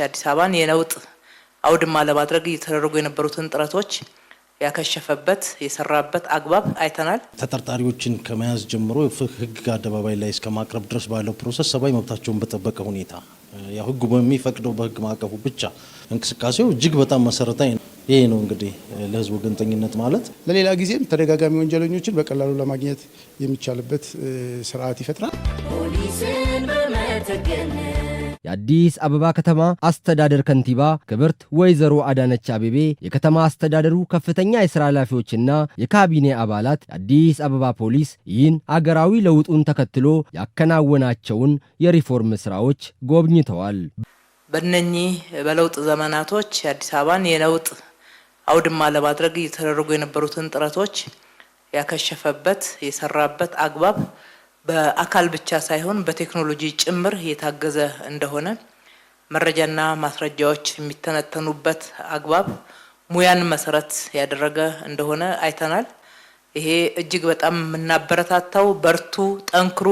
የአዲስ አበባን የለውጥ አውድማ ለማድረግ እየተደረጉ የነበሩትን ጥረቶች ያከሸፈበት የሰራበት አግባብ አይተናል። ተጠርጣሪዎችን ከመያዝ ጀምሮ ሕግ አደባባይ ላይ እስከ ማቅረብ ድረስ ባለው ፕሮሰስ ሰብአዊ መብታቸውን በጠበቀ ሁኔታ ያው ሕጉ በሚፈቅደው በሕግ ማዕቀፉ ብቻ እንቅስቃሴው እጅግ በጣም መሰረታዊ ነው። ይህ ነው እንግዲህ ለህዝቡ ወገንተኝነት ማለት ለሌላ ጊዜም ተደጋጋሚ ወንጀለኞችን በቀላሉ ለማግኘት የሚቻልበት ስርዓት ይፈጥራል። የአዲስ አበባ ከተማ አስተዳደር ከንቲባ ክብርት ወይዘሮ አዳነች አቤቤ፣ የከተማ አስተዳደሩ ከፍተኛ የሥራ ኃላፊዎችና የካቢኔ አባላት የአዲስ አበባ ፖሊስ ይህን አገራዊ ለውጡን ተከትሎ ያከናወናቸውን የሪፎርም ስራዎች ጎብኝተዋል። በነኚህ በለውጥ ዘመናቶች የአዲስ አበባን የለውጥ አውድማ ለማድረግ እየተደረጉ የነበሩትን ጥረቶች ያከሸፈበት የሰራበት አግባብ በአካል ብቻ ሳይሆን በቴክኖሎጂ ጭምር የታገዘ እንደሆነ መረጃና ማስረጃዎች የሚተነተኑበት አግባብ ሙያን መሰረት ያደረገ እንደሆነ አይተናል። ይሄ እጅግ በጣም የምናበረታታው በርቱ፣ ጠንክሩ፣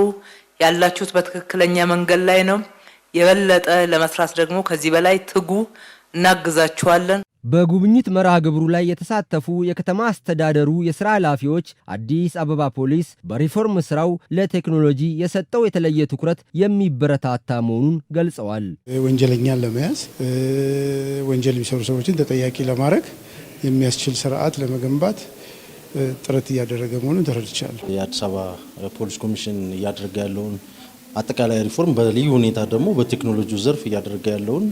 ያላችሁት በትክክለኛ መንገድ ላይ ነው። የበለጠ ለመስራት ደግሞ ከዚህ በላይ ትጉ፣ እናግዛችኋለን። በጉብኝት መርሃ ግብሩ ላይ የተሳተፉ የከተማ አስተዳደሩ የስራ ኃላፊዎች አዲስ አበባ ፖሊስ በሪፎርም ስራው ለቴክኖሎጂ የሰጠው የተለየ ትኩረት የሚበረታታ መሆኑን ገልጸዋል። ወንጀለኛን ለመያዝ ወንጀል የሚሰሩ ሰዎችን ተጠያቂ ለማድረግ የሚያስችል ስርዓት ለመገንባት ጥረት እያደረገ መሆኑን ተረድቻለሁ። የአዲስ አበባ ፖሊስ ኮሚሽን እያደረገ ያለውን አጠቃላይ ሪፎርም በልዩ ሁኔታ ደግሞ በቴክኖሎጂው ዘርፍ እያደረገ ያለውን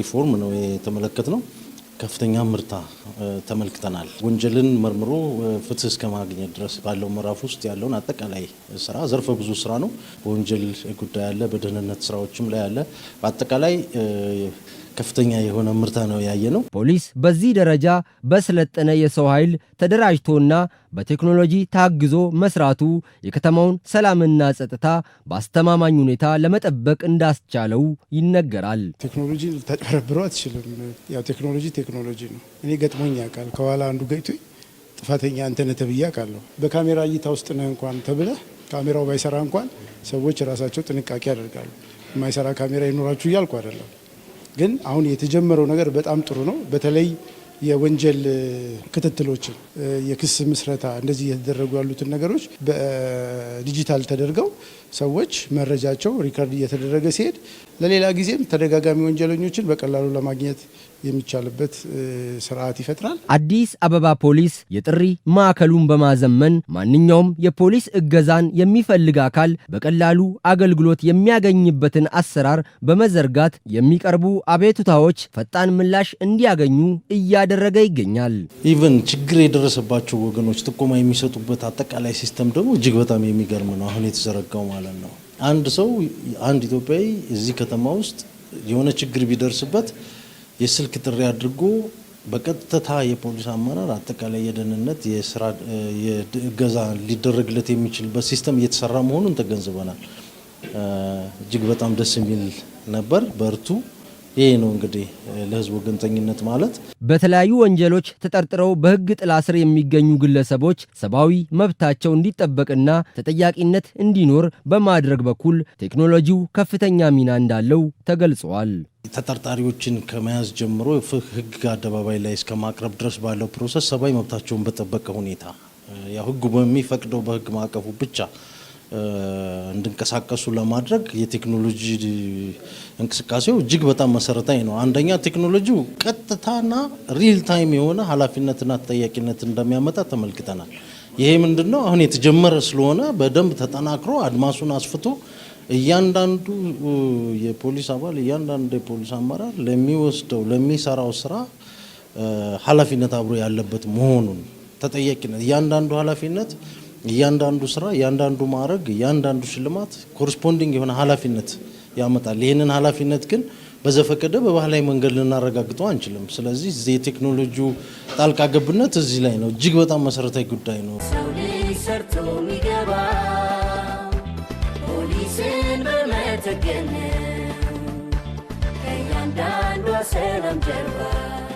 ሪፎርም ነው የተመለከት ነው። ከፍተኛ ምርታ ተመልክተናል። ወንጀልን መርምሮ ፍትህ እስከ ማግኘት ድረስ ባለው ምዕራፍ ውስጥ ያለውን አጠቃላይ ስራ ዘርፈ ብዙ ስራ ነው። በወንጀል ጉዳይ ያለ፣ በደህንነት ስራዎችም ላይ ያለ በአጠቃላይ ከፍተኛ የሆነ ምርታ ነው ያየ ነው። ፖሊስ በዚህ ደረጃ በሰለጠነ የሰው ኃይል ተደራጅቶና በቴክኖሎጂ ታግዞ መስራቱ የከተማውን ሰላምና ጸጥታ በአስተማማኝ ሁኔታ ለመጠበቅ እንዳስቻለው ይነገራል። ቴክኖሎጂ ተጭበረብሮ አትችልም። ያው ቴክኖሎጂ ቴክኖሎጂ ነው። እኔ ገጥሞኝ ያውቃል። ከኋላ አንዱ ገጭቶኝ ጥፋተኛ አንተ ተብዬ አውቃለሁ። በካሜራ እይታ ውስጥ ነህ እንኳን ተብለህ ካሜራው ባይሰራ እንኳን ሰዎች ራሳቸው ጥንቃቄ ያደርጋሉ። የማይሰራ ካሜራ ይኖራችሁ እያልኩ አይደለም። ግን አሁን የተጀመረው ነገር በጣም ጥሩ ነው። በተለይ የወንጀል ክትትሎችን የክስ ምስረታ እንደዚህ እየተደረጉ ያሉትን ነገሮች በዲጂታል ተደርገው ሰዎች መረጃቸው ሪከርድ እየተደረገ ሲሄድ ለሌላ ጊዜም ተደጋጋሚ ወንጀለኞችን በቀላሉ ለማግኘት የሚቻልበት ስርዓት ይፈጥራል። አዲስ አበባ ፖሊስ የጥሪ ማዕከሉን በማዘመን ማንኛውም የፖሊስ እገዛን የሚፈልግ አካል በቀላሉ አገልግሎት የሚያገኝበትን አሰራር በመዘርጋት የሚቀርቡ አቤቱታዎች ፈጣን ምላሽ እንዲያገኙ እያደረገ ይገኛል። ኢቨን ችግር የደረሰባቸው ወገኖች ጥቆማ የሚሰጡበት አጠቃላይ ሲስተም ደግሞ እጅግ በጣም የሚገርም ነው፣ አሁን የተዘረጋው ማለት ነው። አንድ ሰው አንድ ኢትዮጵያዊ እዚህ ከተማ ውስጥ የሆነ ችግር ቢደርስበት የስልክ ጥሪ አድርጎ በቀጥታ የፖሊስ አመራር አጠቃላይ የደህንነት የስራ እገዛ ሊደረግለት የሚችልበት ሲስተም እየተሰራ መሆኑን ተገንዝበናል። እጅግ በጣም ደስ የሚል ነበር። በርቱ። ይህ ነው እንግዲህ ለህዝብ ወገንተኝነት ማለት። በተለያዩ ወንጀሎች ተጠርጥረው በህግ ጥላ ስር የሚገኙ ግለሰቦች ሰብአዊ መብታቸው እንዲጠበቅና ተጠያቂነት እንዲኖር በማድረግ በኩል ቴክኖሎጂው ከፍተኛ ሚና እንዳለው ተገልጿል። ተጠርጣሪዎችን ከመያዝ ጀምሮ ህግ አደባባይ ላይ እስከ ማቅረብ ድረስ ባለው ፕሮሰስ ሰብአዊ መብታቸውን በጠበቀ ሁኔታ ያው ህጉ በሚፈቅደው በህግ ማዕቀፉ ብቻ እንዲንቀሳቀሱ ለማድረግ የቴክኖሎጂ እንቅስቃሴው እጅግ በጣም መሰረታዊ ነው። አንደኛ ቴክኖሎጂው ቀጥታና ሪል ታይም የሆነ ኃላፊነትና ተጠያቂነት እንደሚያመጣ ተመልክተናል። ይሄ ምንድን ነው አሁን የተጀመረ ስለሆነ በደንብ ተጠናክሮ አድማሱን አስፍቶ እያንዳንዱ የፖሊስ አባል እያንዳንዱ የፖሊስ አመራር ለሚወስደው ለሚሰራው ስራ ኃላፊነት አብሮ ያለበት መሆኑን ተጠያቂነት፣ እያንዳንዱ ኃላፊነት፣ እያንዳንዱ ስራ፣ እያንዳንዱ ማዕረግ፣ እያንዳንዱ ሽልማት ኮረስፖንዲንግ የሆነ ኃላፊነት ያመጣል። ይህንን ኃላፊነት ግን በዘፈቀደ በባህላዊ መንገድ ልናረጋግጠው አንችልም። ስለዚህ የቴክኖሎጂው ጣልቃ ገብነት እዚህ ላይ ነው፣ እጅግ በጣም መሰረታዊ ጉዳይ ነው። once again, hey, and I know I said I'm terrible.